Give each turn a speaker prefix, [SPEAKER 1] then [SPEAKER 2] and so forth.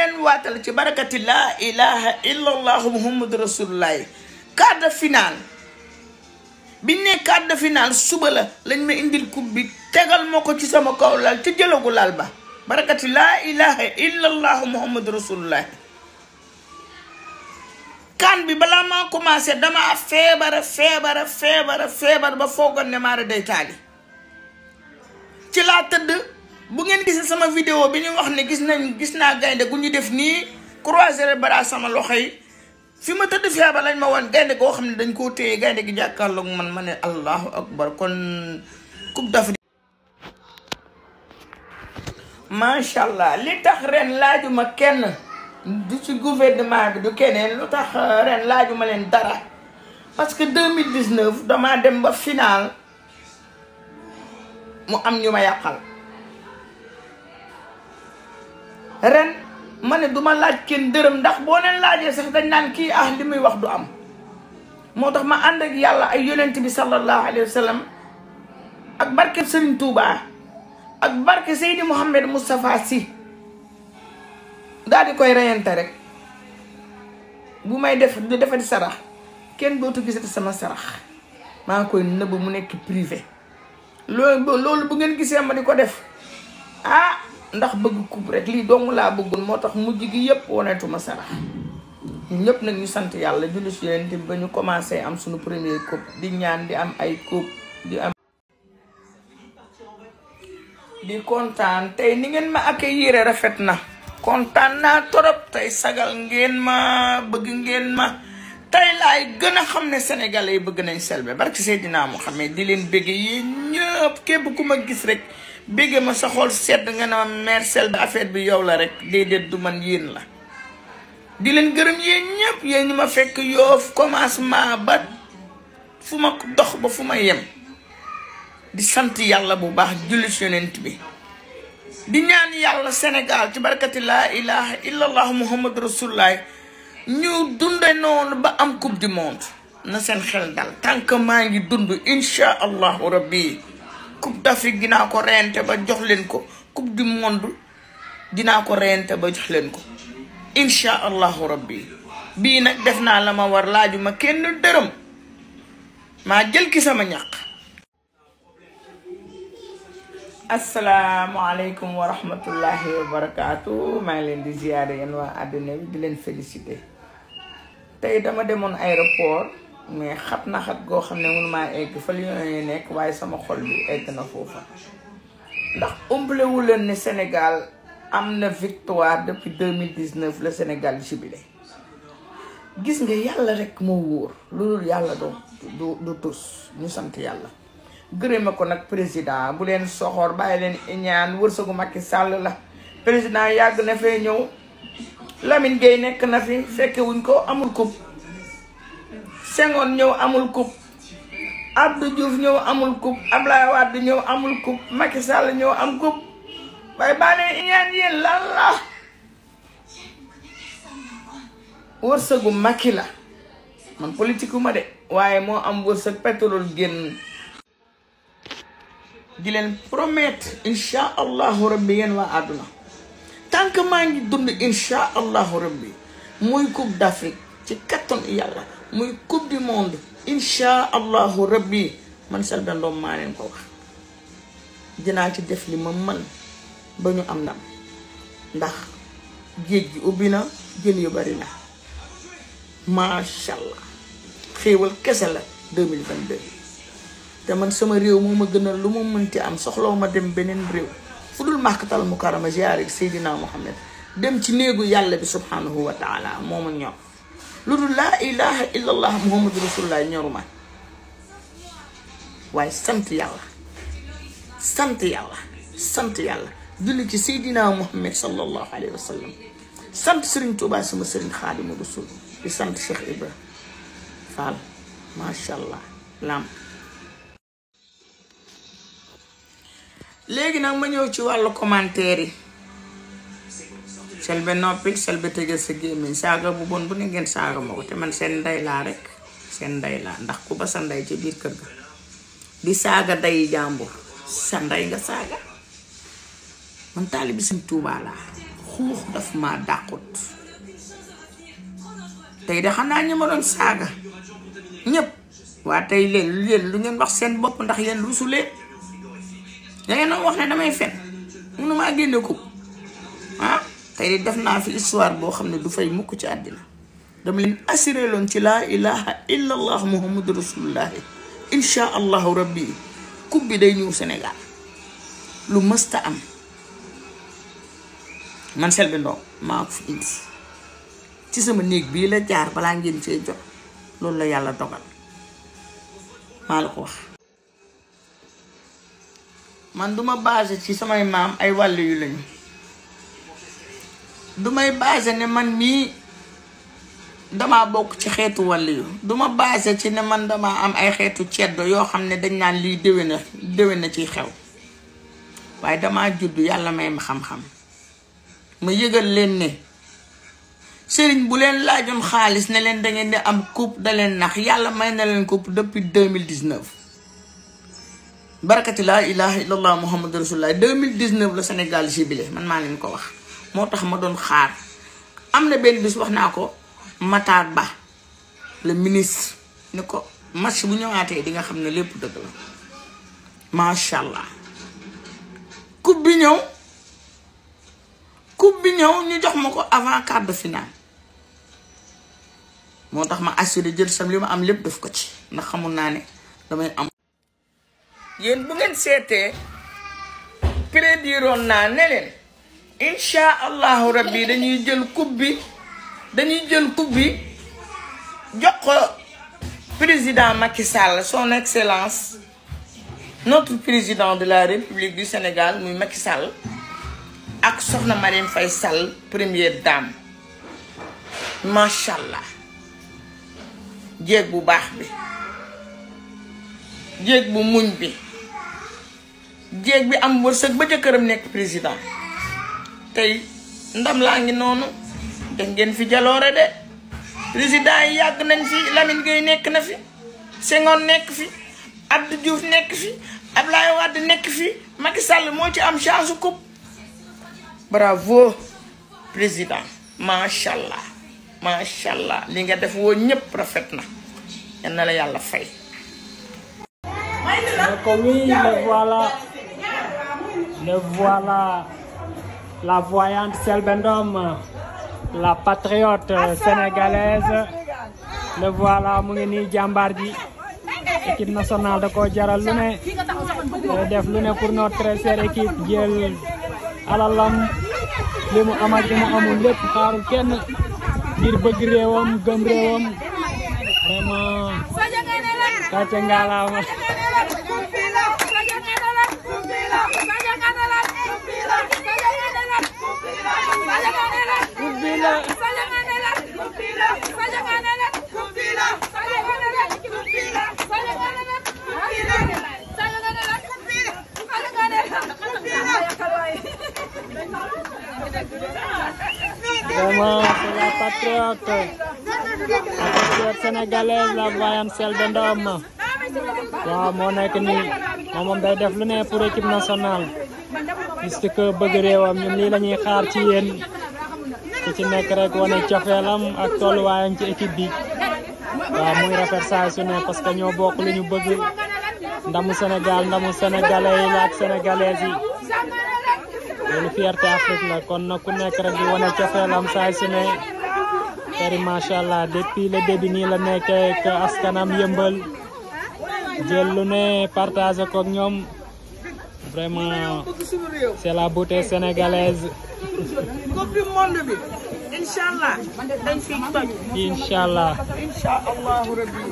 [SPEAKER 1] leen waatal ci barakati laa ilaha illallah muhammadu rasulullahi quart de finale bi ne quart de suba la lañ ma indil coupe bi tegal ma ko ci sama kaw laal ci jëlagu laal ba barakati laa ilaha illallah muhammadu rasulullahi kan bi balaa maa commencé dama feebara feebara feebara feebar ba foogoon ne maa day taali ci laa tëdd bu ngeen gisee sama vidéo bi ñu wax ne gis nañ gis naa gaynde gu ñu def nii croiser bara sama loxo yi fi ma tëdd fiaba lañ ma wan gaynde goo xam ne dañ koo téye gaynde gi jàkkaarloog man ma ne allahu akbar kon coupe d'Afrique macha allah li tax ren laajuma kenn du ci gouvernement bi du keneen lu tax euh, ren laajuma leen dara parce que 2019 damaa dem ba finaal mu am ñu ma yàqal ren ma ne du ma laaj kenn dërëm ndax boo leen laajee sax dañ naan kii ah li muy wax du am moo tax ma ànd ak yàlla ay yonent bi sallallahu alayhi wa sallam ak barke Serigne Touba ak barke Seydi Mouhamed Moustapha si daal di koy reyante rek bu may def du defati sarax kenn dootu gisati sama sarax maa ngi koy nëbb mu nekk privé loolu loolu bu ngeen gisee ma di ko def ah ndax bëgg coupe rek lii dong laa bëggul moo tax mujj gi yépp wonetuma sarax ñun ñëpp nag ñu sant yàlla julli si leen ba ñu commencer am suñu premier coupe di ñaan di am ay coupe di am di kontaan tey ni ngeen ma yére rafet na kontaan naa torop tey sagal ngeen ma bëgg ngeen ma tey laay gën a xam ne sénégalais yi bëgg nañ Selbé barki xam ne di leen bégg yéen ñëpp képp ku ma gis rek bëgg ma sa xol sedd nga ne ma mère Selbé affaire bi yow la rek déedéet du man yéen la. di leen gërëm yéen ñëpp yéen ñi ma fekk yoof commencement ba fu ma dox ba fu ma yem di sant yàlla bu baax julli si bi. di ñaan yàlla Sénégal ci barkati laa ilaha illallah muhammad rasulullah ñu dunde noonu ba am coupe du monde na seen xel dal tant que maa ngi dund incha allahu rabbi coupe d'Afrique dinaa ko reyante ba jox leen ko coupe du monde dinaa ko reyante ba jox leen ko incha allahu rabbi bii nag def naa la ma war laaju ma kenn dërëm maa jël ki sama ñàq asalaamualeykum wa rahmatullahi wa barakaatu maa ngi leen di ziare yéen waa àdduna bi di leen félicité tey dama demoon aéroport mais xat na xat goo xam ne mun maa egg fa li ñooy nekk waaye sama xol bi egg na foofa ndax ëmbalewu leen ne Sénégal am na victoire depuis 2019 le Sénégal jubilé gis nga yàlla rek moo wóor loolu yàlla doo du du tus ñu sant yàlla gërëma ko nag président bu leen soxor bàyyi leen iñaan wërsëgu Macky sàll la président yàgg na fee ñëw lamin Gueye nekk na fi fekke wuñ ko amul coupe Senghor ñëw amul coupe Abdou Diouf ñëw amul coupe Abdoulaye Wade ñëw amul coupe Macky Sall ñëw am coupe waaye bàyyi leen iñaan yéen lan la wërsëgu Macky la man politique de waaye moo am wërsëg pétrole génn di leen promettre incha allahu rabbi yéen waa àdduna tant que maa ngi dund incha allahu rabbi muy coupe d' ci kattan yàlla muy coupe du monde incha allahu rabbi man Selbé Ndom maa leen ko wax dinaa ci def li ma man ba ñu am ndam ndax géej gi ubbi na jën yu bari na macha allah xéewal kese la 2022 te man sama réew moom ma gënal lu ma mënti am soxlaw ma dem beneen réew fu dul màkkatal mukarama ziyaare Seydina Muhammad dem ci néegu yàlla bi subhanahu wa taala moo ma ñor lu dul laa ilaha illallah muhammadu rasulullah ñoruma waaye sant yàlla sant yàlla sant yàlla julli ci Seydina Muhammad sallallahu alayhi wa sallam sant Serigne Touba sama Serigne Xaadimu Rasul di sant Cheikh Ibra Fall macha allah léegi nag ma ñëw ci wàllu commentaire yi Selbé noppi Selbé tëjal sa gémmiñ saaga bu bon bu ne ngeen saaga ma ko man seen ndey laa seen ndey laa ndax ku ba sa ndey ci biir kër ga di saaga ndeyi jàmbur sa ndey nga saaga man taalibi Sëñ Tuubaa laa xuux daf ma dàqut tey de xanaa ñi ma doon saaga ñépp waa tey leen yéen lu ngeen wax seen bopp ndax yéen rusu da ngeen wax ne damay fen mënumaa génne ko ah tey def naa fi histoire boo xam ne du fay mukk ci àddina dama leen assuré loon ci laa ilaha illa allah muhammadu rasulullahi insha allahu rabbi coupe bi day ñëw Sénégal lu mësta am man Selbé Ndom maa ko fi indi ci sama néeg bii la jaar balaa ngeen cee jot loolu la yàlla dogal maa la ko wax man duma basé ci samay maam ay wàllu yu lañu du may ne man mii dama bokk ci xeetu wàll yu duma basé ci ne man dama am ay xeetu ceddo yoo xam ne dañ naan liy déwé na déwé na ci xew waaye damaa juddu yàlla may ma xam-xam ma yëgal leen ne sëriñ bu leen laajoon xaalis ne leen da ngeen di am coupe da leen nax yàlla may na leen coupe depuis deux mille dix-neuf barakati laa ilaha illallah muhammadu rasulullah 2019 la Sénégal jubilé man maa leen ko wax moo tax ma doon xaar am na benn bis wax naa ko Matar Ba la ministre ni ko match bu ñëwaatee di nga xam ne lépp dëgg la macha allah coupe bi ñëw coupe bi ñëw ñu jox ma ko avant quart de finale moo tax ma assuré jël sam li ma am lépp def ko ci ndax xamul naa ne damay am yéen bu ngeen seetee prédiroon naa ne leen Insha allahu rabbi dañuy jël coupe bi dañuy jël coupe bi jox ko président Macky Sall son excellence notre président de la république du Sénégal muy Macky Sall ak soxna Marième Faye Sall première dame machallah allah bu baax bi jéeg bu muñ bi jéeg bi am wërsëg ba jëkkëram nekk président tey ndam laa ngi noonu def ngeen fi jaloore de président yi yàgg nañ fi Lamine Gueye nekk na fi Senghor nekk fi Abdou Diouf nekk fi Abdoulaye Wade nekk fi Macky sàll moo ci am chance coupe bravo président macha allah macha allah li nga def woo ñëpp rafet na yal na la yàlla fay. Le voilà, la voyante Selbendom, la patriote sénégalaise. Le voilà mu ngi nii jàmbaar ji équipe nationale da ko jaral lu ne def lu ne pour notre très chère équipe jël alalam li mu am mu amul lépp xaarul kenn ngir bëgg réewam gëm réewam vraiment Vamos pela patriota. A patriota sénégalaise ku ci nekk rek wane cofeelam ak tolluwaayam ci équipe bi waaw muy rafet saa su parce que ñoo bokk li ñu bëgg ndamu Sénégal ndamu sénégalais yi ak sénégalaises yi loolu fierté Afrique la kon na ku nekk rek di wane cofeelam saa su ne kari allah depuis le début nii la nekkee ak askanam yëmbal jël ne partagé ko ñoom vraiment c'est la beauté sénégalaise. coupe incha allah dañ fiy toj. incha allah incha allahu rabbi.